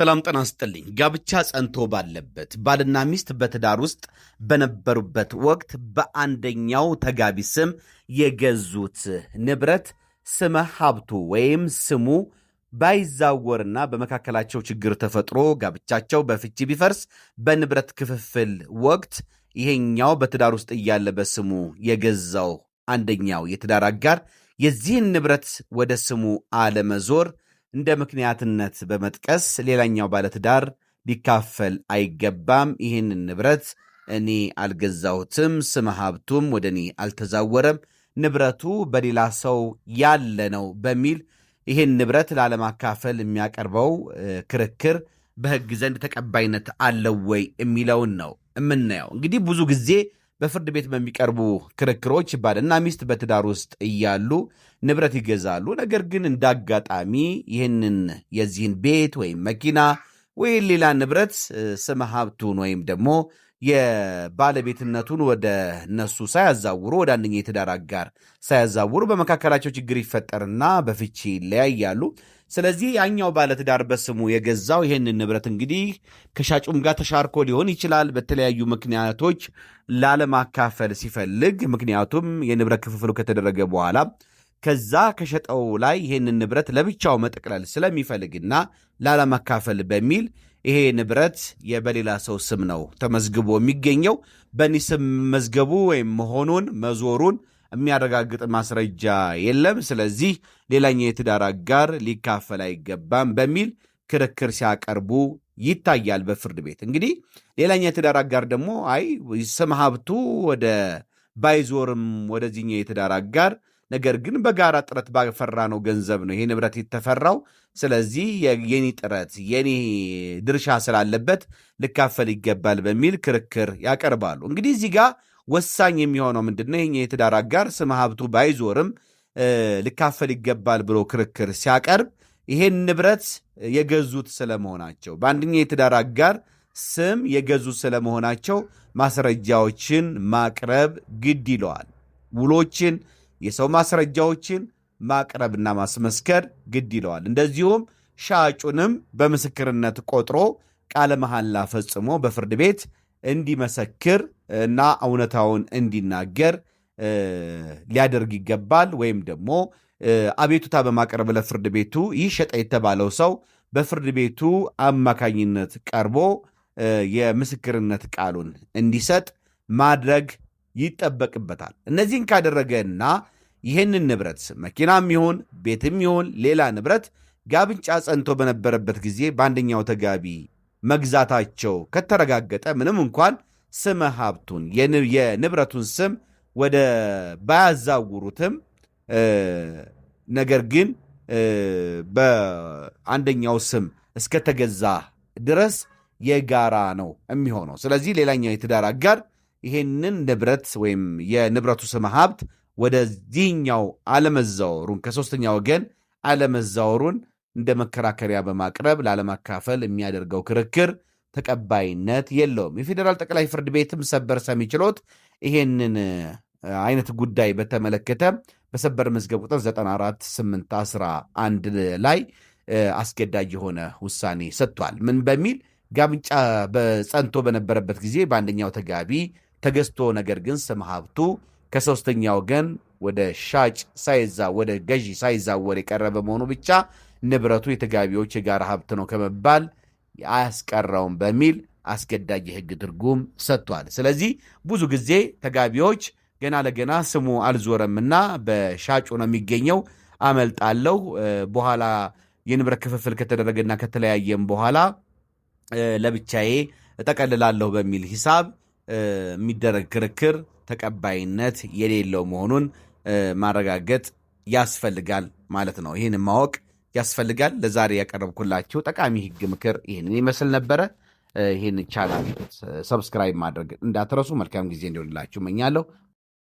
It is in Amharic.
ሰላም ጤና ይስጥልኝ። ጋብቻ ጸንቶ ባለበት ባልና ሚስት በትዳር ውስጥ በነበሩበት ወቅት በአንደኛው ተጋቢ ስም የገዙት ንብረት ስመ ሀብቱ ወይም ስሙ ባይዛወርና በመካከላቸው ችግር ተፈጥሮ ጋብቻቸው በፍቺ ቢፈርስ በንብረት ክፍፍል ወቅት ይሄኛው በትዳር ውስጥ እያለ በስሙ የገዛው አንደኛው የትዳር አጋር የዚህን ንብረት ወደ ስሙ አለመዞር እንደ ምክንያትነት በመጥቀስ ሌላኛው ባለትዳር ሊካፈል አይገባም፣ ይህንን ንብረት እኔ አልገዛሁትም፣ ስመ ሀብቱም ወደ እኔ አልተዛወረም፣ ንብረቱ በሌላ ሰው ያለ ነው በሚል ይህን ንብረት ላለማካፈል የሚያቀርበው ክርክር በሕግ ዘንድ ተቀባይነት አለው ወይ የሚለውን ነው የምናየው። እንግዲህ ብዙ ጊዜ በፍርድ ቤት በሚቀርቡ ክርክሮች ባልና ሚስት በትዳር ውስጥ እያሉ ንብረት ይገዛሉ። ነገር ግን እንዳጋጣሚ ይህንን የዚህን ቤት ወይም መኪና ወይም ሌላ ንብረት ስመ ሀብቱን ወይም ደግሞ የባለቤትነቱን ወደ እነሱ ሳያዛውሩ ወደ አንደኛ የትዳር አጋር ሳያዛውሩ በመካከላቸው ችግር ይፈጠርና በፍቺ ይለያያሉ። ስለዚህ ያኛው ባለትዳር በስሙ የገዛው ይህንን ንብረት እንግዲህ ከሻጩም ጋር ተሻርኮ ሊሆን ይችላል። በተለያዩ ምክንያቶች ላለማካፈል ሲፈልግ፣ ምክንያቱም የንብረት ክፍፍሉ ከተደረገ በኋላ ከዛ ከሸጠው ላይ ይህንን ንብረት ለብቻው መጠቅለል ስለሚፈልግና ላለማካፈል በሚል ይሄ ንብረት በሌላ ሰው ስም ነው ተመዝግቦ የሚገኘው በእኔ ስም መዝገቡ ወይም መሆኑን መዞሩን የሚያረጋግጥ ማስረጃ የለም። ስለዚህ ሌላኛው የትዳር አጋር ሊካፈል አይገባም በሚል ክርክር ሲያቀርቡ ይታያል በፍርድ ቤት። እንግዲህ ሌላኛው የትዳር አጋር ደግሞ አይ ስም ሀብቱ ወደ ባይዞርም ወደዚህኛው የትዳር አጋር ነገር ግን በጋራ ጥረት ባፈራነው ገንዘብ ነው ይሄ ንብረት የተፈራው። ስለዚህ የኔ ጥረት የኔ ድርሻ ስላለበት ልካፈል ይገባል በሚል ክርክር ያቀርባሉ። እንግዲህ እዚህ ጋር ወሳኝ የሚሆነው ምንድነው? ይህ የትዳር አጋር ስመ ሀብቱ ባይዞርም ልካፈል ይገባል ብሎ ክርክር ሲያቀርብ ይሄን ንብረት የገዙት ስለመሆናቸው በአንደኛ የትዳር አጋር ስም የገዙት ስለመሆናቸው ማስረጃዎችን ማቅረብ ግድ ይለዋል። ውሎችን የሰው ማስረጃዎችን ማቅረብና ማስመስከር ግድ ይለዋል። እንደዚሁም ሻጩንም በምስክርነት ቆጥሮ ቃለ መሐላ ፈጽሞ በፍርድ ቤት እንዲመሰክር እና እውነታውን እንዲናገር ሊያደርግ ይገባል። ወይም ደግሞ አቤቱታ በማቅረብ ለፍርድ ቤቱ ይህ ሸጠ የተባለው ሰው በፍርድ ቤቱ አማካኝነት ቀርቦ የምስክርነት ቃሉን እንዲሰጥ ማድረግ ይጠበቅበታል። እነዚህን ካደረገና ይህንን ንብረት መኪናም ይሁን ቤትም ይሁን ሌላ ንብረት ጋብቻ ጸንቶ በነበረበት ጊዜ በአንደኛው ተጋቢ መግዛታቸው ከተረጋገጠ ምንም እንኳን ስመ ሀብቱን የንብረቱን ስም ወደ ባያዛውሩትም ነገር ግን በአንደኛው ስም እስከተገዛ ድረስ የጋራ ነው የሚሆነው። ስለዚህ ሌላኛው የትዳር አጋር ይሄንን ንብረት ወይም የንብረቱ ስም ሀብት ወደዚህኛው አለመዛወሩን ከሶስተኛ ወገን አለመዛወሩን እንደ መከራከሪያ በማቅረብ ላለማካፈል የሚያደርገው ክርክር ተቀባይነት የለውም። የፌዴራል ጠቅላይ ፍርድ ቤትም ሰበር ሰሚ ችሎት ይሄንን አይነት ጉዳይ በተመለከተ በሰበር መዝገብ ቁጥር 94811 ላይ አስገዳጅ የሆነ ውሳኔ ሰጥቷል። ምን በሚል ጋብቻ በጸንቶ በነበረበት ጊዜ በአንደኛው ተጋቢ ተገዝቶ ነገር ግን ስም ሀብቱ ከሶስተኛ ወገን ወደ ሻጭ ሳይዛ ወደ ገዢ ሳይዛወር የቀረበ መሆኑ ብቻ ንብረቱ የተጋቢዎች የጋራ ሀብት ነው ከመባል አያስቀረውም በሚል አስገዳጅ የሕግ ትርጉም ሰጥቷል። ስለዚህ ብዙ ጊዜ ተጋቢዎች ገና ለገና ስሙ አልዞረምና በሻጩ ነው የሚገኘው አመልጣለሁ በኋላ የንብረት ክፍፍል ከተደረገና ከተለያየም በኋላ ለብቻዬ እጠቀልላለሁ በሚል ሂሳብ የሚደረግ ክርክር ተቀባይነት የሌለው መሆኑን ማረጋገጥ ያስፈልጋል ማለት ነው። ይህን ማወቅ ያስፈልጋል። ለዛሬ ያቀረብኩላችሁ ጠቃሚ ህግ ምክር ይህንን ይመስል ነበረ። ይህን ቻናል ሰብስክራይብ ማድረግ እንዳትረሱ። መልካም ጊዜ እንዲሆንላችሁ እመኛለሁ።